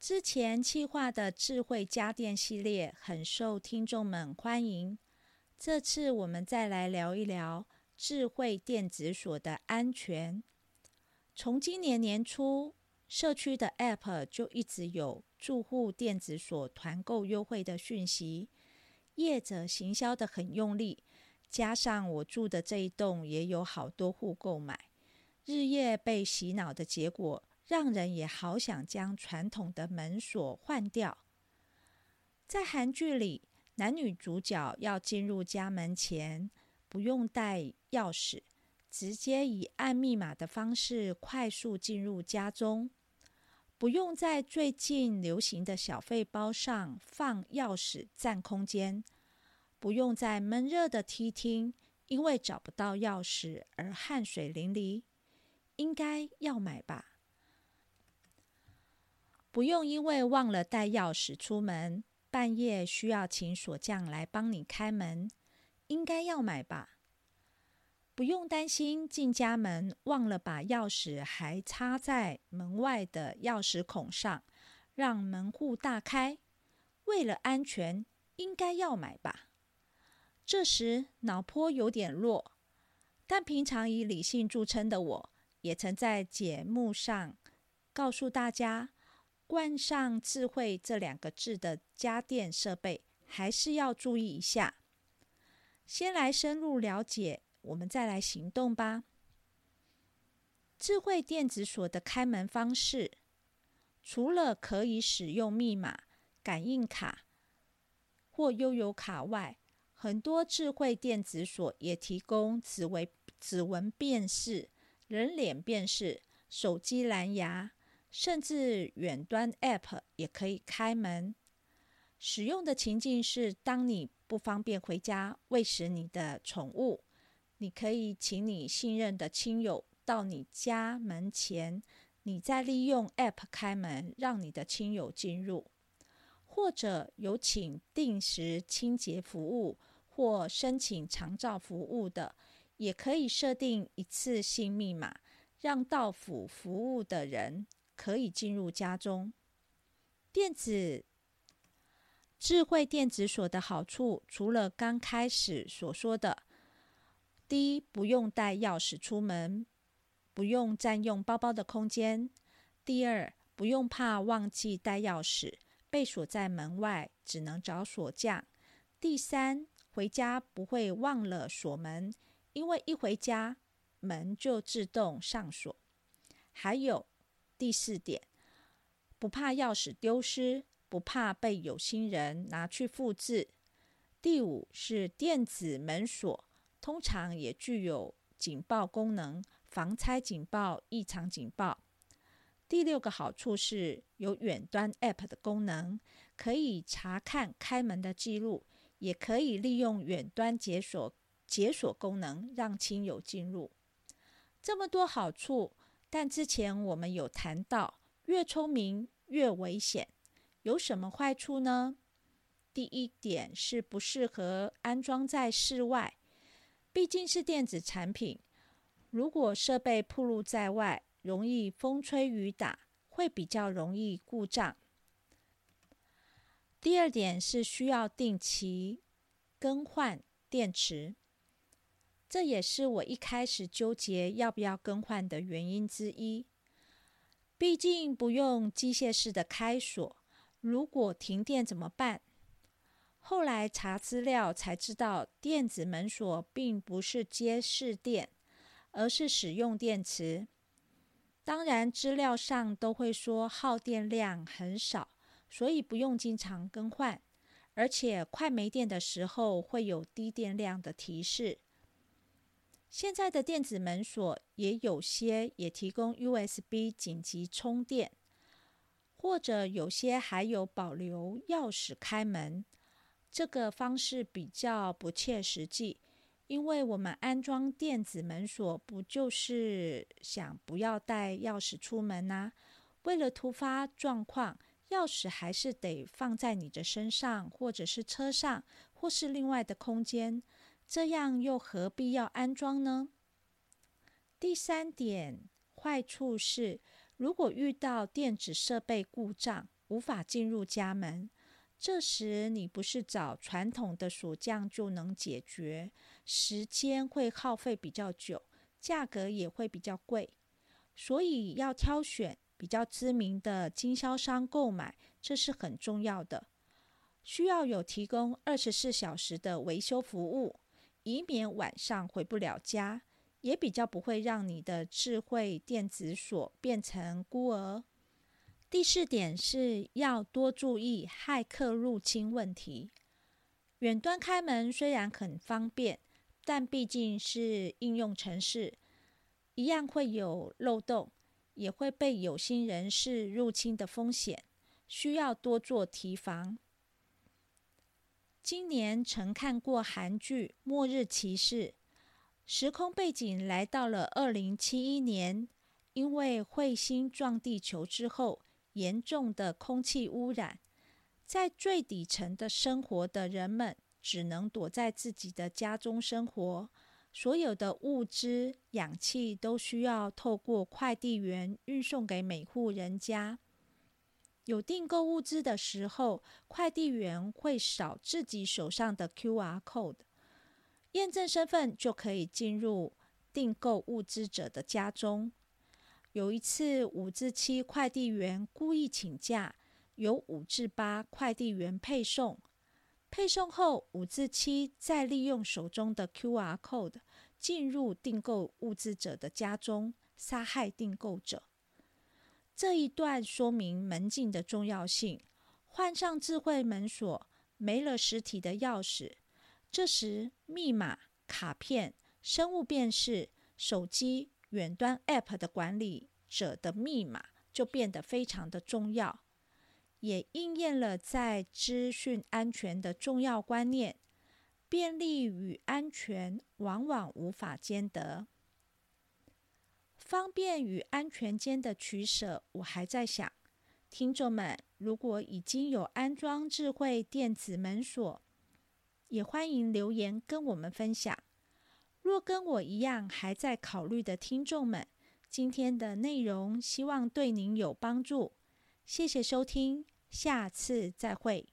之前企劃的智慧家電系列很受聽眾們歡迎，這次我們再來聊一聊智慧電子鎖的安全。從今年年初，社區的 App 就一直有住戶電子鎖團購優惠的訊息，業者行銷得很用力，加上我住的這一棟也有好多戶購買，日夜被洗腦的結果。讓人也好想將傳統的門鎖換掉。在韓劇裡，男女主角要進入家門前不用帶鑰匙，直接以按密碼的方式快速進入家中，不用在最近流行的小廢包上放鑰匙佔空間，不用在悶熱的梯廳因為找不到鑰匙而汗水淋漓。應該要買吧？不用因為忘了帶鑰匙出門，半夜需要請鎖匠來幫你開門，應該要買吧？不用擔心進家門忘了把鑰匙還插在門外的鑰匙孔上，讓門戶大開。為了安全，應該要買吧？這時腦波有點弱，但平常以理性著稱的我，也曾在節目上告訴大家。冠上“智慧”這兩個字的家電設備，還是要注意一下。先來深入了解，我們再來行動吧。智慧電子鎖的開門方式，除了可以使用密碼、感應卡或悠遊卡外，很多智慧電子鎖也提供指紋、指紋辨識、人臉辨識、手機藍牙。甚至遠端 App 也可以開門。使用的情境是，當你不方便回家餵食你的寵物，你可以請你信任的親友到你家門前，你再利用 App 開門，讓你的親友進入。或者有請定時清潔服務或申請長照服務的，也可以設定一次性密碼，讓到府服務的人。可以進入家中。電子智慧電子鎖的好處，除了剛開始所說的，第一，不用帶鑰匙出門，不用占用包包的空間；第二，不用怕忘記帶鑰匙，被鎖在門外，只能找鎖匠；第三，回家不會忘了鎖門，因為一回家門就自動上鎖。還有，第四點，不怕鑰匙丟失，不怕被有心人拿去複製。第五是電子門鎖，通常也具有警報功能，防拆警報、異常警報。第六個好處是有遠端 App 的功能，可以查看開門的記錄，也可以利用遠端解鎖，解鎖功能，讓親友進入。這麼多好處。但之前我們有談到，越聰明越危險，有什麼壞處呢？第一點是不適合安裝在室外，畢竟是電子產品，如果設備暴露在外，容易風吹雨打，會比較容易故障。第二點是需要定期更換電池。這也是我一開始糾結要不要更換的原因之一。畢竟不用機械式的開鎖，如果停電怎麼辦？後來查資料才知道，電子門鎖並不是接市電，而是使用電池。當然，資料上都會說耗電量很少，所以不用經常更換，而且快沒電的時候會有低電量的提示。現在的電子門鎖也有些也提供 USB 緊急充電，或者有些還有保留鑰匙開門。這個方式比較不切實際，因為我們安裝電子門鎖不就是想不要帶鑰匙出門吶、啊？為了突發狀況，鑰匙還是得放在你的身上，或者是車上，或是另外的空間。這樣又何必要安裝呢？第三點壞處是，如果遇到電子設備故障無法進入家門，這時你不是找傳統的鎖匠就能解決，時間會耗費比較久，價格也會比較貴，所以要挑選比較知名的經銷商購買，這是很重要的，需要有提供二十四小時的維修服務。以免晚上回不了家，也比較不會讓你的智慧電子鎖變成孤兒。第四點是要多注意駭客入侵問題。遠端開門雖然很方便，但畢竟是應用程式，一樣會有漏洞，也會被有心人士入侵的風險，需要多做提防。今年曾看過韓劇《末日騎士》，時空背景來到了二零七一年，因為彗星撞地球之後，嚴重的空氣污染，在最底層的生活的人們只能躲在自己的家中生活，所有的物資、氧氣都需要透過快遞員運送給每戶人家。有訂購物資的時候，快遞員會掃自己手上的 QR code 驗證身份，就可以進入訂購物資者的家中。有一次，五至七快遞員故意請假，由五至八快遞員配送。配送後，五至七再利用手中的 QR code 進入訂購物資者的家中，殺害訂購者。這一段說明門禁的重要性，換上智慧門鎖，沒了實體的鑰匙，這時密碼、卡片、生物辨識、手機、遠端 App 的管理者的密碼就變得非常的重要，也應驗了在資訊安全的重要觀念，便利與安全往往無法兼得。方便與安全間的取舍，我還在想，聽眾們，如果已經有安裝智慧電子門鎖，也歡迎留言跟我們分享。若跟我一樣還在考慮的聽眾們，今天的內容希望對您有幫助。謝謝收聽，下次再會。